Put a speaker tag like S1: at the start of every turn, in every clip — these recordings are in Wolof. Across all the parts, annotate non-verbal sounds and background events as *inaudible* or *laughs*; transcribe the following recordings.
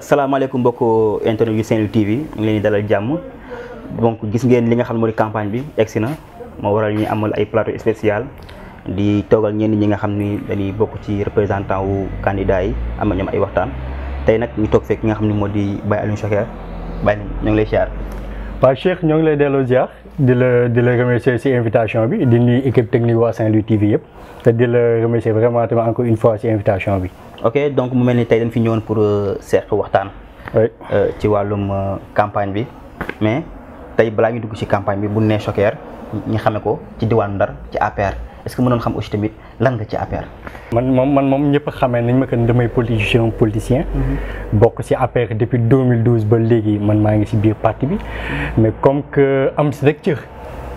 S1: assalamu alaykum bokko internet yu senu tv ngi leni dalal jamm donc gis ngeen li nga xam moy campagne bi exina mo waral ñi amal ay plateau spécial di togal ñen ñi nga xam ni dañuy bokku ci representant wu candidat yi am ñom ay waxtaan tay nak ñu tok fek nga xam ni modi bay alou chakhar bay ñu ngi lay xiar
S2: ba cheikh ñu ngi lay delo jax di la di la remercier ci invitation bi di nuyu équipe technique waa Saint-Louis TV yëpp te di la remercier vraiment tamit encore une fois ci bi.
S1: ok donc mu mel ni tey dañ fi ñëwoon pour euh, seq waxtaan. Euh, ci wàllum euh, campagne bi mais tey balaa ñu dugg ci campagne bi bu ne Choker ñi xame ko
S2: ci diwaanu Ndar ci APR. est-ce que mënoon xam aussi tamit lan nga ci APR. man moom man moom ñëpp xamee nañ ma que damay politicien politicien. Mhm. bokk si APR depuis 2012 ba léegi man maa ngi si biir parti bi mhm. mais comme que am si rek cër.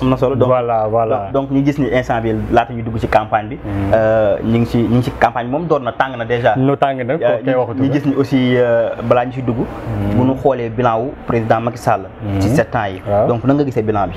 S1: am na solo donc voilà voilà donc ñu gis ni instant bi laata ñu dugg ci campagne bi. Mm. Euh, ñu ngi ci ñu ngi ci campagne moom door na tàng na déjà. lu tàng na euh, kooku kay waxatu ñu gis ni aussi euh, balaa ñu ci dugg. Mm.
S2: bu ñu xoolee bilan wu président Macky Sall. ci mm. sept ans yi. donc na nga gisee bilan bi.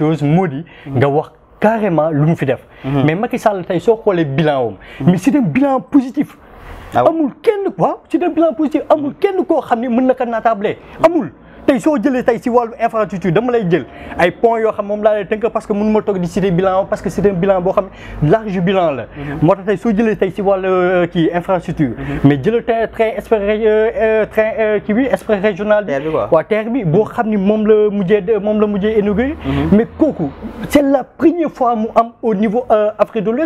S2: chose d'avoir nga wax carrément lu mu fi def mhm. mais Macky Sall tay so xolé bilan wam mhm. mais c'est un bilan positif ah amul kenn quoi c'est un bilan positif amul mhm. kenn ko xam ne mën na ko naatable amul tey soo jëlee tey si wàllu infrastructure dama lay jël ay pont yoo xam moom laa lay tënk parce que mënuma toog di cité bilan parce que cité bilan boo xam large bilan la. Mhm. moo tax tey soo jëlee tey si wàllu euh, kii infrastructure. Mhm. mais jël train euh, euh, train train kii bi express régional. terre bi quoi waa terre bi boo xam ni moom la mujjee moom la mujjee énugé. Mhm. mais kooku c' est la première fois mu am au niveau Afrique de l'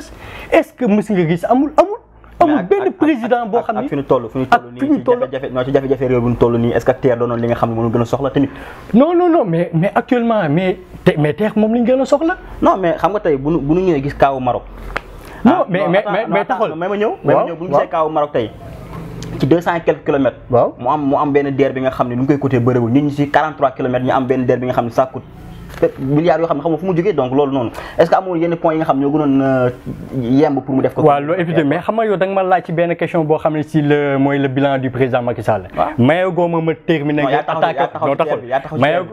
S2: est ce que mos nga gis amul amul. président
S1: président boo est-ce non non non mais mais actuellement mais ah, mais non mais Maroc non mais mais mais mais ma mais Maroc ci quelques kilomètres am un 43 kilomètres est-ce que yi euh, pour mu def ko. évidemment mais
S2: xam nga yo ma ci question le bilan du président Macky Sall. ma terminé.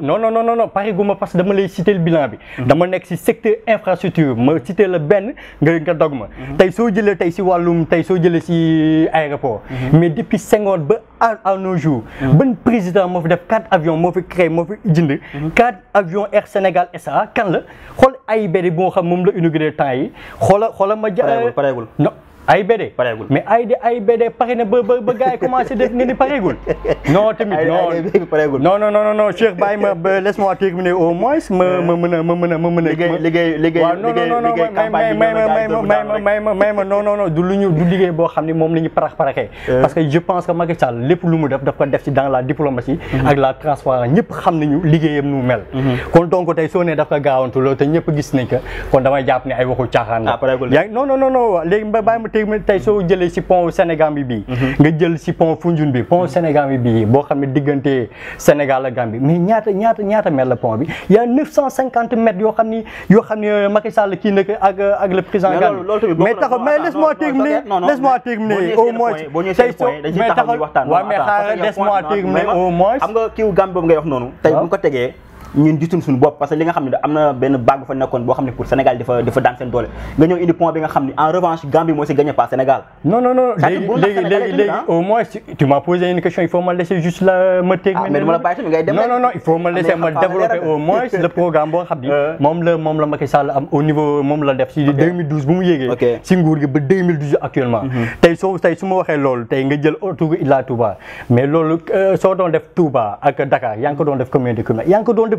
S2: non non non non non citer le bilan bi. Mhm. dama secteur infrastructure ma citer le ben nga nga dog ma. Mhm. je si aéroport. Mhm. mais depuis 5 ba à à nos jours. Hein? président a fait def avions il a créé hein? avions Air Sénégal SA kan la xool AIBD boo xam moom la temps yi a fait ma. non. AIBD pareegul mais AIBD AIBD pare na ba ba ba gars yi ni pareegul. non tamit non pareegul non liggéey boo xam ne moom la ñu parax paraxee. parce que je pense que Macky Sall lépp lu mu def daf ko def ci dans la diplomatie. ak la transparence ñëpp xam nañu liggéeyam nu mu mel. kon donc tey soo nee daf ko gaawantu loolu te ñëpp gis nañ ko kon damay jàpp ne ay waxu caaxaan la. ah pareegul non non non non tamit tey soo jëlee si pont Sénégal bi mhm. nga jël si pont Foundiougne bi pont mhm. Sénégal bi boo xam ne diggante Sénégal ak bi mais ñaata ñaata ñaata mètres la pon bi y a yoo xam ni yoo xam ne euh, Macky Sall kii nag ak euh, ak le président Gambie mais taxaw mais laisse-moi terminer laisse-moi terminer au moins tey soo mais taxaw waaw mais xaaral laisse-moi terminer au
S1: moins nga kiiw noonu tey ko tegee ñun gisuñ suñu bop parce que li nga xamni amna ben na bague fa nekkoon bo xamni pour Sénégal difa difa dans sen doole nga ñëw indi point bi nga xamni en revanche Gambie moy c'est gagné pas Sénégal
S2: non non non légui légui léegi au moins tu m'as posé une question il faut me laisser juste la me ah, teg mais dama la bàyyi ngay dem non non non il faut me ah, laisser me développer au moins le programme bo xam ne euh. moom la moom la Macky Sall am au niveau mom la def ci 2012 bu mu yégué ci nguur gi ba 2012 actuellement mhm. tay so tay suma waxé lool tay nga jël autour Ila Touba mais lool euh, so don def Touba ak Dakar yaa ko don def commune de commune yaa ko don def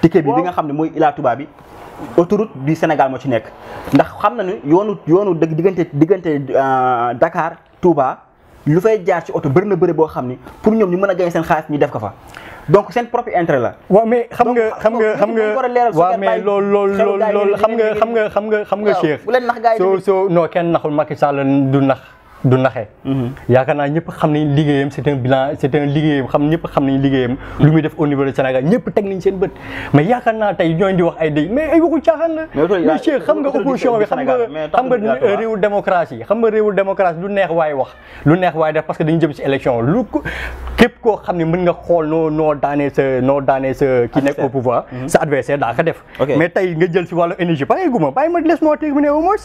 S1: ticket bi bi nga xam ne mooy Ila Touba bi autoroute du Sénégal moo ci nekk ndax xam na ne yoonu yoonu dëgg diggante diggante euh, dakaar tuubaa lu fay jaar ci oto bëri na bëri boo xam ni pour ñoom ñu mën a gañ seen xaalis ñu def ko fa donc seen propre intérêt la. waaw mais
S2: xam nga xam nga xam nga waaw mais loolu loolu loolu loolu xam nga xam nga xam nga xam nga Cheikh. bu leen nax gars yi soo soo noo kenn naxul Macky Sall du nax. du naxé yaakaar ñepp xamni ligéyam c'est un bilan c'est un liggéeyam xam ñepp xamni ligéyam lu muy def au niveau de Sénégal ñepp tek nañ seen bëtt mais yaakaar tay ñoy di wax ay dëgg mais ay waxu chaxan la mais Cheikh xam nga opposition bi xam nga xam nga réew démocratie xam nga réew démocratie du neex way wax lu neex way def parce que dañu jëm ci élection lu képp ko xamni mën nga xol no no dané ce no dané ce kii nekk au pouvoir sa adversaire da ka def mais tay nga jël ci walu énergie pare guma bàyyi ma les moo terminé au moins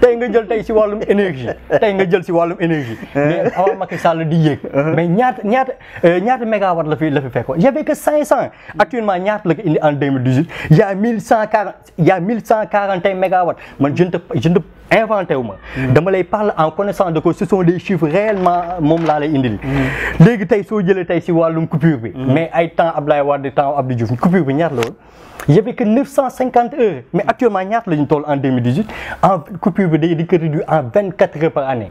S2: tey nga jël tay ci walu énergie tay nga jël ci wàllum énergie. *laughs* Eh. mais avant Macky Sall di yéeg. Eh. mais ñaata ñaata eh, ñaata mégawatt la fi la fi fekkoon y avait que 500. actuellement ñaat la indi en 2018 il y a 1140 il y a 1140 mégawatt man je ne je ne inventé wu ma. Hmm. dama lay parle en connaissance de cause ce sont des chiffres réellement mom la lay indi hmm. légui tay so jëlee tay ci walum coupure bi. Hmm. mais ay temps Abdoulaye Wade temps Abdou Diouf coupure bi ñaat la il y avait que 950 heures mais actuellement ñaata la ñu en 2018 en coupure bi day di ko réduire en 24 heures par année.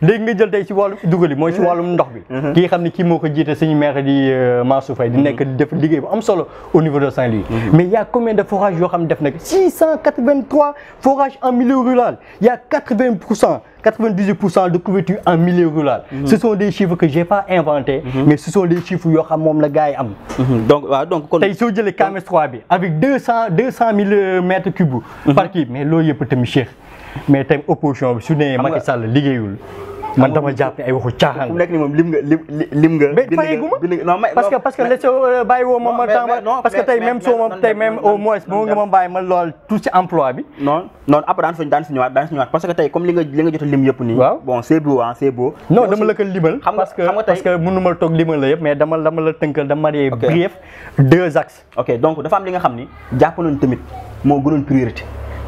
S2: léegi nga jël tey ci wàllum dugali moy ci mm-hmm. wàllum ndox bi mm-hmm. ki xamni ki moko jité ko jiite maire di euh, Mansour fay di mm-hmm. nek def liggéey bu am solo au niveau de Saint-Louis mais il y a combien de forages yo xam def na 683 forages en milieu rural il y a 80% 98% de couverture en milieu rural. Mm Ce sont des chiffres que j'ai pas inventés, mais ce sont des chiffres yo xam mom la gaay am. Donc waaw donc kon tay so jëlé KMS 3 bi avec 200 200 000 mètres cubes par qui mais est yëpp tamit cher. mais tamit opposition bi su nee Macky Sall liggéeyul. man dama jàpp ne ay waxu caaxaan la. ku
S1: nekk nii moom lim nga lim nga. mais fayaguma parce que parce que la soo
S2: euh, bàyyi woo ma ma temps parce que tey même soo ma tey même au moins moo nga ma bàyyi ma lool tout ci emploi bi.
S1: non non après daan suñ daan si ñëwaat daan si ñëwaat parce que tey comme li nga li nga jot a lim yëpp nii. waaw bon c'est beau ah c'est beau. non dama la ko limal. xam nga xam nga tey parce que mënu ma toog limal la yëpp mais dama dama la tënkal dama marié brief deux axes. ok donc dafa am li nga xam ni jàpp nañu tamit moo gënoon priorité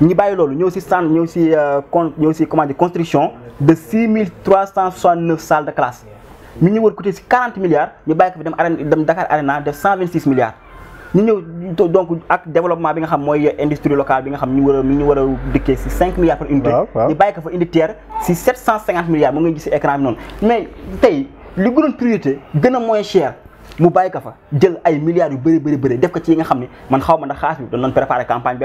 S1: Nous euh, avons construction de 6369 salles de classe. Nous avons coûté 40 milliards, nous avons coûté de 126 milliards. Nous avons donc développement de euh, l'industrie locale, nous avons 5 milliards pour une unité. Nous avons une 750 milliards, nous avons coûté l'écran. Mais, le grand priorité, le moins cher, nous avons coûté des milliards de dollars. Nous avons coûté des milliards de Nous avons coûté des milliards de Nous avons préparé la campagne.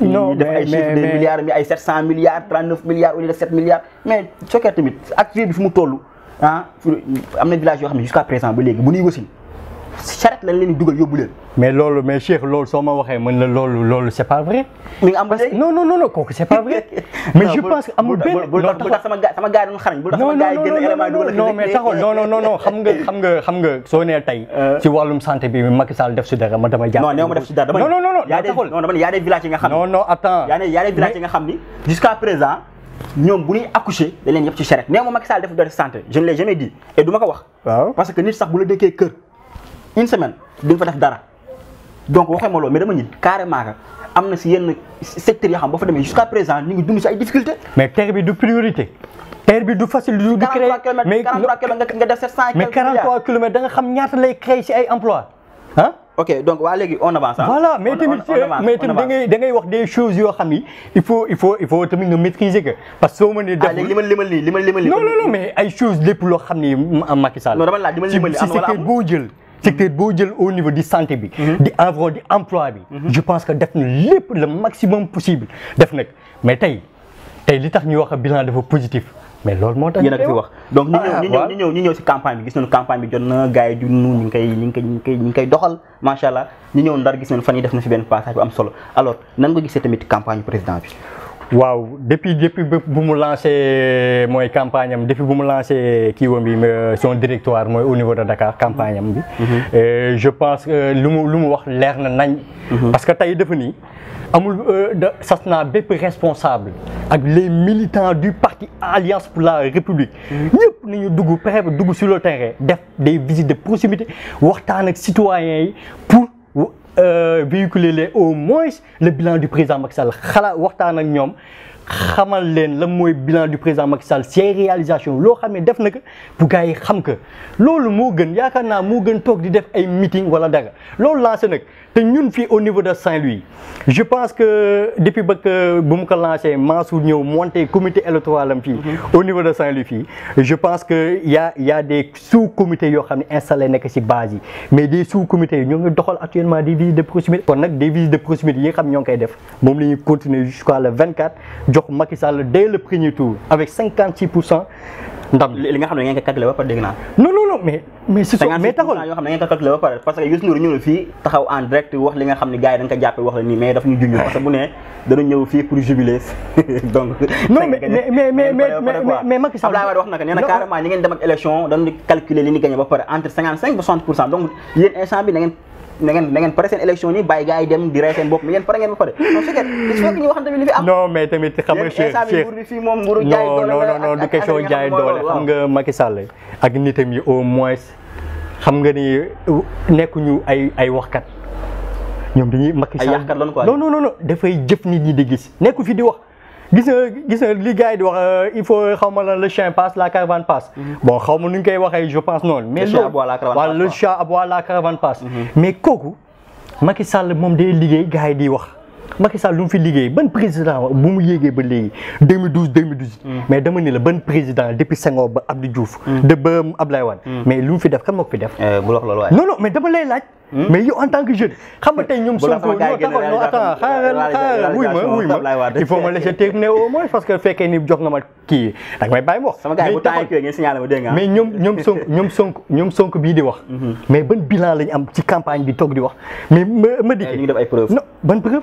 S1: non mais mais mais milliards mi ay 700 milliards 39 milliards au lieu de 7 milliards mais soo ko tamit ak réew bi fi mu toll ah
S2: am na village yoo xam ne jusqu'à présent ba léegi bu ñuy wasin charette lañ leen di dugal leen. mais loolu mais Cheikh loolu soo ma waxee mën la loolu loolu c'est pas vrai. mi ngi am parce que non non non kooku c' pas vrai. *laughs* mais je pense que ben benn. bul tax sama sama gars doon xarañ. bul tax sama gars yi élément dugal non mais taxol non non non non xam nga xam nga xam nga so nee tay *laughs* euh. ci walum santé bi Macky Sall def ci dara ma dama jàpp. non néew def ci dara dama non non non
S1: non non dama y' a des villages yi nga xam non non
S2: attends y' a des y' a des villages yi nga xam
S1: ni jusqu'à présent ñoom bu ñuy accouché dañ leen yëpp ci charette néew ma Macky Sall def ci santé je ne l'ai jamais dit et du ma ko wax. parce que nit sax bu la dëkkee kër une semaine duñ fa def dara donc waxe ma lo mais dama nit carrément amna ci na si yenn secteurs yoo xam boo fa demee jusqu'à présent
S2: ñu ngi dund ci ay difficultés. mais terre bi du priorité. terre bi du facile du créer mais 43 km da nga xam ñaata lay créer ci ay emploi hein ok donc wa légui on avance hein? voilà mais tamit mais tamit da ngay da ngay wax des choses yo xam ni il faut il faut il faut tamit nga maîtriser que parce que soo mënee def ah, li ma limal li limal non non non mais ay choses lépp loo xam ni Macky Sall. non dama laaj li ma li si secteur boo jël. secteur boo jël au niveau mhm. di sant bi di environ di emploi bi mhm. je pense que def na lépp le maximum possible def nag mais tey tey li tax ñuy wax bilan dafa positif mais loolu moo tax yéen a ko fi wax donc ñu ah, ñu
S1: ñëw ñu ñëw si campagne bi gis nañu campagne bi jot na gars yi junnu ñu ngi koy ñu ngi koy ñu ngi koy ñu ngi doxal macha allah ñu ñëw ndar gis nañu fan yi def na fi benn passage bu am solo alors nan nga gisee tamit campagne président bi
S2: Wow, depuis depuis vous me lancé euh, campagne depuis vous me lancé qui euh, son directoire au niveau de Dakar campagne mhm. euh, je pense que lu mu mhm. parce que tey dafa devenu amul responsable avec les militants du parti Alliance pour la République. Mhm. ñëpp nañu dugg pexe dugg sur le terrain def des visites de proximité waxtaan ak citoyens pour. Euh, véhiculer leen au moins le bilan du président Macky Sall xalaat waxtaan ak ñom xamal leen le moy bilan du président Macky Sall ses réalisations lo xam def na ko bu gars xam que lolu mo gën yaakaar naa moo gën tok di def ay meeting wala daga lolu lancé nak nous ñun au niveau de Saint-Louis je pense que depuis que bu mu ko lancé Mansour ñëw monté comité électoral mhm. au niveau de Saint-Louis je pense qu'il y' a y' a des sous comités qui ont installé dans si base mais des sous comités nous avons actuellement des visites de proximité. kon nag des visites de proximité yi nga xam continuer jusqu'à le 24 jox Macky Sall dès le premier tour avec 56
S1: ndam li nga xam ne ngeen ko calculé ba pare dégg naa. non non non mais mais si so ngeen ko calculé ba pare parce que Youssou Ndour ñëw na nga xam ne gars yi dañ wax la nii mais daf ñu junj parce que bu ne dana ñëw fii pour jubiler *laughs* mais mais mais mais Macky Sall ngeen dem ak élection dañu li ñu gagné ba pare entre pour cent donc yéen instant bi da ngeen na ngeen na ngeen pare seen élection nii bàyyi gars yi dem di rey seen bopp mi ngeen pare ngeen ba pare non c'est mais tamit xam nga Cheikh Cheikh moom nguuru jaay doole non non non du
S2: question ak nitam yi au moins xam nga ni nekkuñu ay ay waxkat ñoom dañuy Macky Sall ay yàqkat lan quoi non non dafay jëf nit ñi di gis nekku fi di wax gis nga gis nga li gars yi di wax euh, il faut xaw ma lan le chien passe la caravane passe. Mm-hmm. bon xaw ma nu ñu koy waxee je pense noonu. mais loolu waaw le chat aboie la caravane passe. Mm-hmm. mais kooku Macky Sall moom day liggéey gars yi di wax. Macky Sall lu mu fi liggéey ban président bu mu yéegee ba léegi 2012 2012. Mm. mais dama ni la ban président depuis Senghor ba Abdou Diouf. Mm. de ba Ablaye Wade. Mm. mais lu mu fi def kan moo ko fi def. Eh, bu lox loolu waaye. non non mais dama lay laaj. mais yow en tant que jeune. xam nga tey ñoom Sonko non *laughs* que fekkee ni jox nga ma kii da nga may bàyyi ma wax. sama gars yi mais ñoom ñoom Sonko di wax. Mm-hmm. mais ban bilan lañ am ci campagne bi toog di wax mais ma ma dikkee. Eh, ñu ban preuve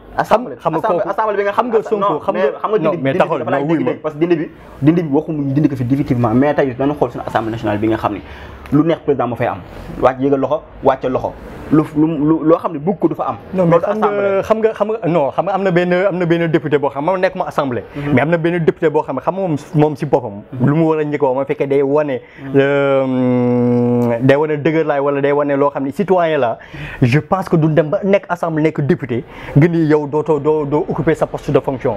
S1: assemblée xam nga xam nga ah, Sonko xam nga xam nga dindi bi parce dindi bi dindi dindi ko fi définitivement mais tey dañu xool suñu assemblée nationale bi nga xam ne lu neex président ma fay am wàcce loxo loo xam ne bëgg ko du fa am loolu assemblée xam nga xam
S2: nga non xam nga am na benn am na benn député boo xam ma nekk ma assemblée mhm. mais am na benn député boo xam ne xam nga moom si boppam mhm. lu mu war a njëkk wax ma fekkee day wane mhm. euh, day wane dëgër laay wala day wane loo xam ne citoyen la je pense que du dem ba nekk assemblée nekk député gën yow yow dootoo doo doo occuper sa poste de fonction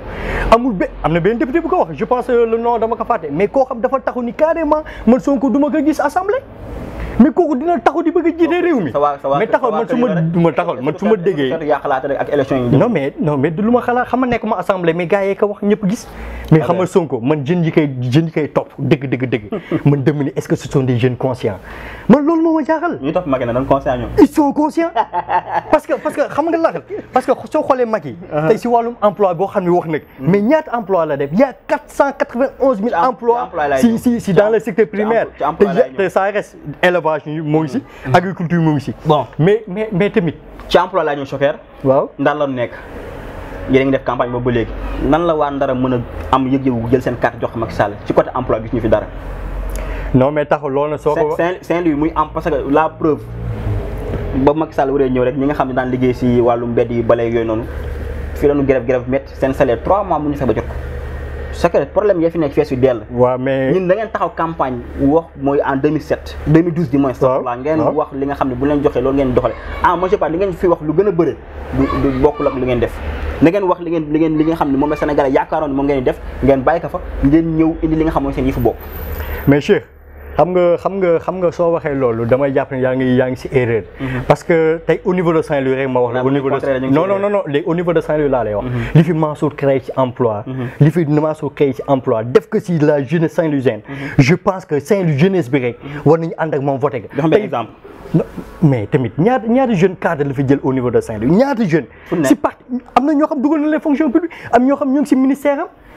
S2: amul be am na benn député bu ko wax je pense le nom dama ko fàtte mais koo xam dafa taxu ni carrément man Sonko duma ko gis assemblée mais kooku di a jiite réew mi mais taxal man su ma man su ma déggee non mais non mais du lu ma xalaat xam nekk ma assemblée mais gars yee ko wax ñëpp gis mais ah xam nga Sonko man jeunes yi koy jeunes yi *laughs* man dama est-ce que ce sont des jeunes conscients man loolu moo ma jaaxal. ñu topp Macky na dañ conscient ñoom. ils sont conscients *laughs* parce que parce que xam nga laajal parce que soo xoolee Macky. Uh-huh. tey si wàllum emploi boo xam ne wax nag. Hmm. mais ñaata emploi la def y' a quatre cent quatre vingt onze mille emplois si si si dans le secteur primaire. te ça reste élevage yi moo ngi si. Hmm. agriculture moo ngi si. bon mais mais mais tamit. ci emploi laa ñu choquer. waaw ndax la nekk.
S1: yéen a ngi def campagne boobu ba léegi nan la waa Ndara mën a am yëg-yëg jël seen carte jox Macky Sall ci côté emploi gis ñu fi dara. non mais tax lool na soko saint louis muy am parce que la preuve ba mak sall wuré ñew rek ñi nga xamni daan liggéey ci walu mbéd yi balay yoy non fi lañu grève grève met sen salaire 3 mois mu ñu sa ba jox secret problème ya fi nek fessu del wa mais ñun da ngeen taxaw campagne wax moy en 2007 2012 di moins sax la ngeen wax li nga xamni bu leen joxe lool ngeen doxale ah monsieur pas li ngeen fi wax lu gëna bëre du bokku ak li ngeen def na ngeen wax li ngeen li ngeen li nga xamni mom la sénégalais yakaron mo ngeen def ngeen bayka fa ngeen ñew indi li nga xamni seen yifu bok
S2: mais cheikh xam nga xam nga xam nga soo waxee loolu damay jàpp ne yaa ngi yaa ngi si erreur. Mhm. parce que tey au niveau de Saint-Louis rek ma wax la. au niveau de non non non non léegi au niveau de Saint-Louis laa lay wax. Mhm. li fi Mansour créé ci emploi. Mhm. li fi Mansour créé ci emploi def ko si la jeunesse saint-louisienne. je pense que Saint-Louis jeunesse bi rek. war nañu ànd ak moom voté ko. jox exemple. mais tamit ñaata ñaata jeune cadre la fi jël au niveau de Saint-Louis ñaata jeune. si parti am na ñoo xam dugal na les fonction publique am ñoo xam ñu ngi si ministère am.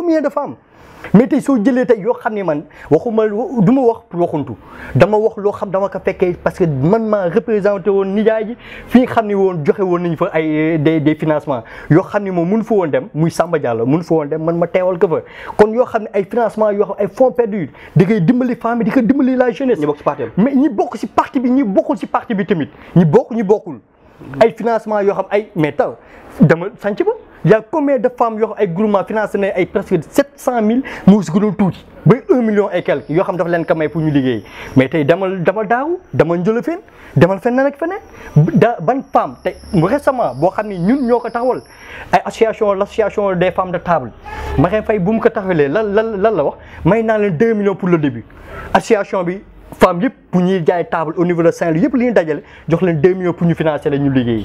S2: combien de femmes mais tey soo jëlee tey yoo xam ne man waxuma du ma wax pour waxuntu dama wax loo xam dama ko fekkee parce que man ma représenté woon nijaay ji fi xam ni woon joxe woon nañ fa ay euh, des des financements yoo xam ni moom mun fa woon dem muy Samba Diallo mun fa woon dem man ma teewal ko fa kon yoo xam ne ay financement yoo xam ay fonds perdus di koy dimbali femme di ko dimbali la jeunesse. ñi bokk ci parti mais ñi bokk ci parti bi ñi bokkul si parti bi tamit ñi bokk ñi bokkul. ay financement yoo xam ay mais taw dama sànc ba y' a combien de femmes yoo xam ay groupement financé nañ ay presque sept cent mille mu si tuuti ba un million et quelque yoo xam dafa leen ko may pour ñu liggéey mais tey demal demal daaw demal njëlofeen demal feneen ak feneen da ban femme tey récemment boo xam ne ñun ñoo ko taxawal ay association l' association des femmes de table ma Faye bu mu ko taxawalee lan lan lan la wax may naa leen de millions pour le début association bi. femmes yëpp bu ñuy jaay table au niveau de Saint-Louis yëpp li ñu dajale jox leen 2 millions pour ñu financer la ñu liggéey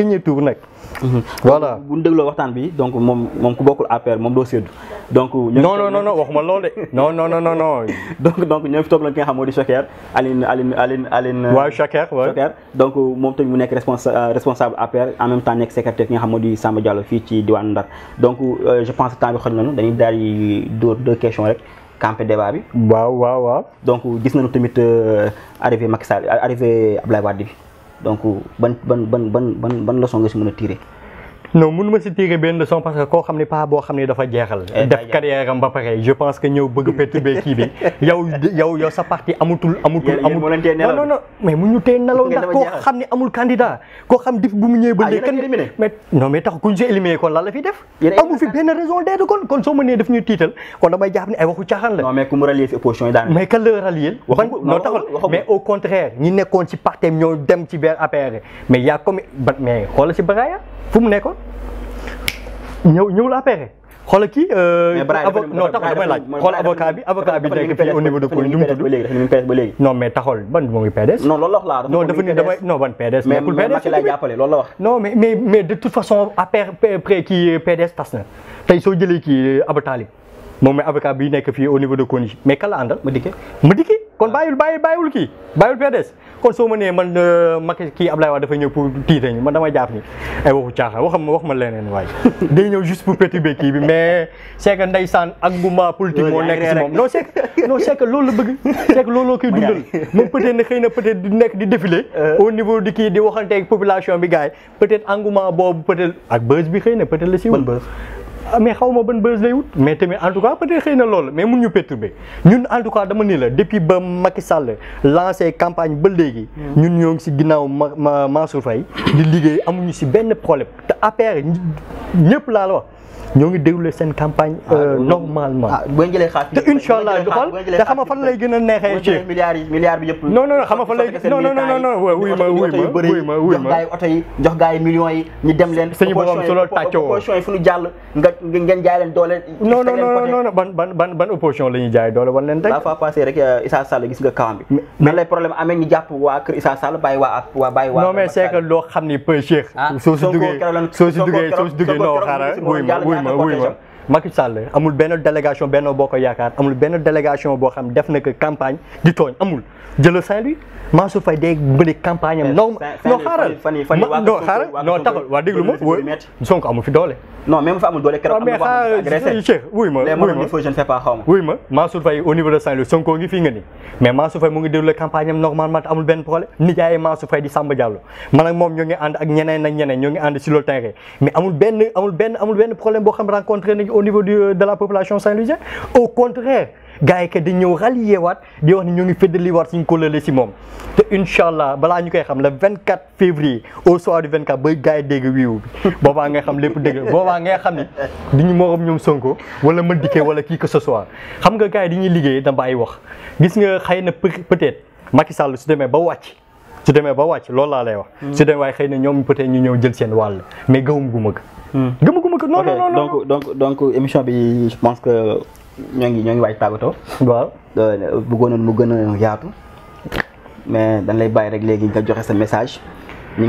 S2: premier tour nag. voilà bu deuglo waxtan bi donc
S1: mom mom ku bokul APR mom do seddu donc non non non waxuma loolu de non non non non. *laughs* donc donc ñoo fi toog la ki nga xam modi di Aline Aline Aline Aline. waaw euh, Choker waaw Choker donc mom tamit mu nek responsa euh, responsable APR en même temps nek secrétaire ki nga xam modi di Samba Diallo fii ci diwan Ndar donc euh, je pense temps bi xoj nañu dañuy daal yi dóor deux questions rek. campé débat bi. waaw waaw waaw. donc gis nañu tamit arrivé Macky Sall arrivé Abdoulaye Wade bi. donc ban ban ban ban ban ban leçon nga si mën a tirer
S2: non mënuma si tirer benn leçon parce que koo xam ne paa xam ne dafa jeexal. Eh, def carrière am ba pare je pense que ñëw bëgg perturber kii bi *laughs* yow yow yow mais mu ñu tee nelaw ndax koo xam ne amul candidat koo xam ah, tax lan la fi def. amu fi benn raison d'être kon kon soo mënee def ñuy tiital kon damay jàpp ne ay waxu caaxaan la. non mais ku au contraire ñi nekkoon si parti ñoo dem ci vers APR mais yaa comme mais xoolal si Baraya fu mu nekkoon ñëw ñëw la APR xoolal kii. Euh, mais Braille non taxul damay laaj xool avocat bi avocat bi nekk fii au niveau de Koungheul ñu mu tudd. ba léegi non mais taxul ban moo ngi PDS. non loolu dafa ni damay non ban PDS. nekkul PDS mais Macky lay de toute façon APR pré kii PDS tas na tey soo jëlee ki Abou Talib moom mooy avocat bi nekk fii au niveau de Koni mais kan la ma dikkee ma dikkee kon ah. bàyyul bàyyi bàyyiwul kii bàyyiwul PDS kon soo ma nee man euh, Macky kii Abdoulaye Wade dafa ñëw pour tiite ñu man damay jàpp ni ay waxu caaxaan wax ma wax ma leneen waaye *laughs* day ñëw juste pour perturber kii bi mais c'est que ndeysaan ak guma politique moo nekk si moom non loolu la bëgg c'est que looloo koy *laughs* dundal moom peut-être ne xëy na peut-être di nekk di défilé euh. au niveau di kii di waxante population bi gars peut-être engouement boobu ak buzz bi xëy na peut-être la amee xaw ma ban buzz lay mais tamit en tout cas peut-être xëy na lool mais mun ñu perturber ñun en tout cas dama ni la depuis ba Macky Sall lancé campagne ba léegi. ñun ñoo ngi si ginnaaw ma Mansour Faye di liggéey amuñu si benn problème te APR ñëpp laa la wax. ñoo ngi déroulé seen campagne ah, euh, normalement. ah boo jëlee xaalis te incha allah du xool te xam nga fan lay gën a neexee. ci
S1: milliards yi milliards bi yëpp. non non xam nga fan lay non non non non wuy ma wuy ma wuy ma wuy ma jox gaa yi oto yi jox gaa yi millions yi ñu dem leen. sëñ boobam su loolu tàccoo opposition yi fu ñu jàll nga ngeen jaay leen doole. non non non non ban ban ban ban opposition la ñuy jaay doole wan leen rek. la fois passé rek euh, Issa Sall gis nga kawam bi. nan lay problème amee ñu jàpp waa kër Issa Sall bàyyi waa waa bàyyi waa. non
S2: mais c'est que loo xam ni peu cher. Ah, soo si duggee soo si duggee soo si duggee non xaaral wuy ma ma wuy ma Macky Sall amul benn délégation Benno Bokk Yaakaar amul benn délégation boo xam def na ko campagne di tooñ amul jëla Saint-Louis Mansour Faye day bëri campagne am. non non xaaral non xaaral waa déglu ma Sonko amu fi doole. non même fa amul doole keroog am na ko agressé wuy de Saint-Louis Sonko ngi fii nga ni mais Mansour Faye mu ngi déroulé campagne am normalement amul benn problème nijaay Mansour Faye di Samba Diallo man ak moom ñoo ngi ànd ak ñeneen ak ñeneen ñoo ngi ànd si le terrain mais amul benn amul benn problème boo xam rencontré nañu au niveau de la population saint-louisienne au contraire gars yi kat dañ ñëw rallier waat di wax ne ñoo ngi féddali waat suñ kóllëre si moom te incha balaa ñu koy xam le 24 février au soir du 24 ba gars yi dégg wiiw bi boobaa nga xam lépp dégg boobaa nga xam ni du ñu morom ñoom Sonko wala ma dikkee wala kii que ce xam nga gars yi dañuy liggéey da bàyyi wax gis nga xëy na peut-être Macky Sall su demee ba wàcc su demee ba wàcc loolu laa lay wax. Hmm. su demee waaye xëy na ñoom peut ñu ñëw jël seen wàll mais gëmaguma ko. Hmm. gëmaguma ko non non
S1: non donc donc donc bi je ñoo ngi ñoo ngi waaj tàggatoo. waaw bëggoon mu gën a yaatu. mais dañ lay bàyyi rek léegi nga joxe sa message. Wow,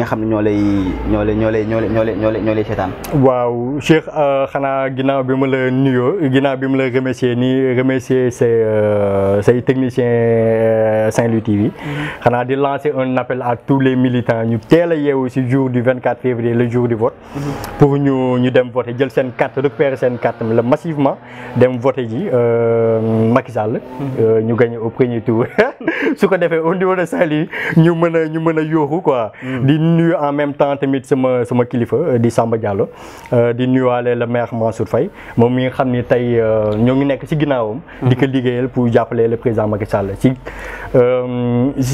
S2: sommes xam remercier euh, euh, Saint-Louis TV. Je mm-hmm. di lancer un appel à tous les militants Nous a jour du 24 février le jour du vote. Mm-hmm. pour ñu nous voter carte massivement nous voter ji euh, mm-hmm. au premier tour. *laughs* *laughs* su ko defee au niveau de sali ñu mëna ñu mëna yoxu quoi. Mm. di nuyu en même temps tamit sama sama kilifa euh, di Samba Diallo euh, di nuyuwaale le maire Mansour Faye moom mi xamni tay ni tey euh, ñoo ngi nekk si ginnaawam. Mm-hmm. di ko liggéeyal pour jàppale le président Macky Sall si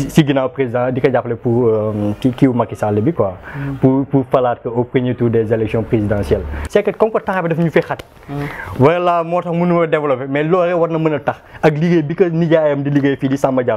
S2: ci ginaaw président di ko jàppale pour ci kiiw Macky Sall bi quoi. Mm. pour pour falaat ko au premier tour des élections présidentielles. c'est que comportement bi daf ñu fi xat. Mm. voilà motax tax mënu développer mais loolu war na mëna tax ak liggéey bi ko nijaayam di liggéey fi di Samba Diallo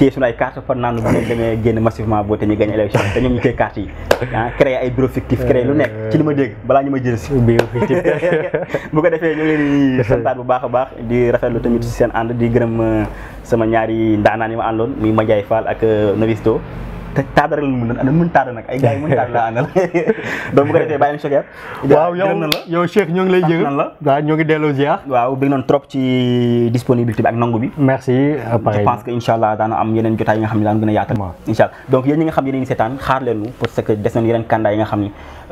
S1: téye suñu ay carte far naan bu ñu demee génn massivement boo te ñu gagné élection te ñoom ñu téye carte yi ah créé ay bureau fictif créé lu nekk ci li ma dégg balaa ñu ma jël si *laughs* *laughs* bu ko defee ñu ngi leen *laughs* santaat bu baax a baax di rafetlu tamit seen ànd di gërëm euh, sama ñaari ndaanaan yi ma àndoon muy Madiaye Fall ak euh, Novisto te taadara la mu doon ana mën taada nag ay gars yi mën taada la àndal *laughs* donc bu ko defee bàyyi Cheikh waaw yow yow Cheikh ñoo ngi lay jëg la waaw ñoo ngi delloo ziar waaw bëgg noonu trop ci disponibilité bi ak nangu bi merci je pense que incha allah daana am yeneen jotaay yi nga xam ne daan gën a yaatal incha allah donc yéen ñi nga xam ne a ngi seetaan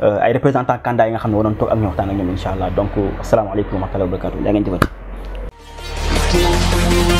S1: euh, ay représentant candidat yi nga xam ne waroon ak ñoo waxtaan ak ñoom incha allah donc asalaamaaleykum wa rahmatulah wa barakatu yaa ngeen jëfati